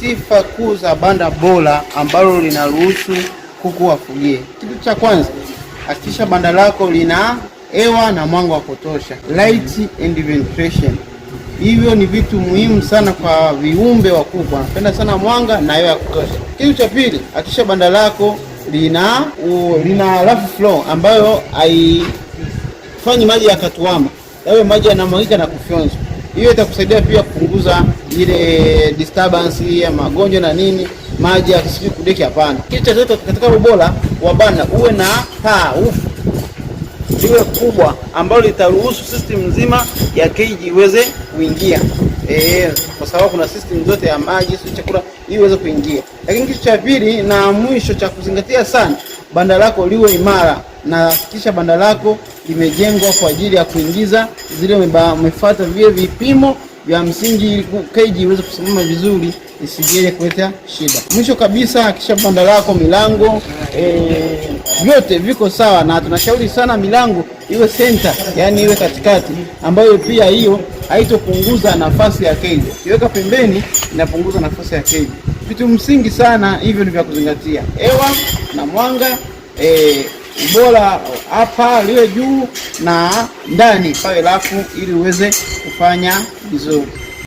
sifa kuu za banda bora ambalo linaruhusu kuku wafugie. Kitu cha kwanza, hakikisha banda lako lina hewa na mwanga wa kutosha, light and ventilation. Hivyo ni vitu muhimu sana kwa viumbe wa kuku, anapenda sana mwanga na hewa ya kutosha. Kitu cha pili, hakikisha banda lako lina u, lina rough floor ambayo haifanyi maji yakatuama, yawe maji yanamwagika na kufyonza. Hiyo itakusaidia pia kupunguza ile disturbance ya magonjwa na nini, maji yakisijui kudeki. Hapana, kitu cha tatu katika ubora wa banda uwe na paa ufu liwe kubwa ambalo litaruhusu system nzima ya keji iweze kuingia e, kwa sababu kuna system zote ya maji si chakula ili iweze kuingia. Lakini kitu cha pili na mwisho cha kuzingatia sana, banda lako liwe imara na hakikisha banda lako kimejengwa kwa ajili ya kuingiza zile, umefuata vile vipimo vya msingi ili keji iweze kusimama vizuri isijele kuleta shida. Mwisho kabisa, hakisha banda lako milango e, vyote e, viko sawa, na tunashauri sana milango iwe center, yani iwe katikati, ambayo pia hiyo haitopunguza nafasi ya keji. Ukiweka pembeni inapunguza nafasi ya keji. Vitu msingi sana hivyo ni vya kuzingatia: hewa na mwanga e, ubora hapa liwe juu na ndani pawe rafu, ili uweze kufanya vizuri.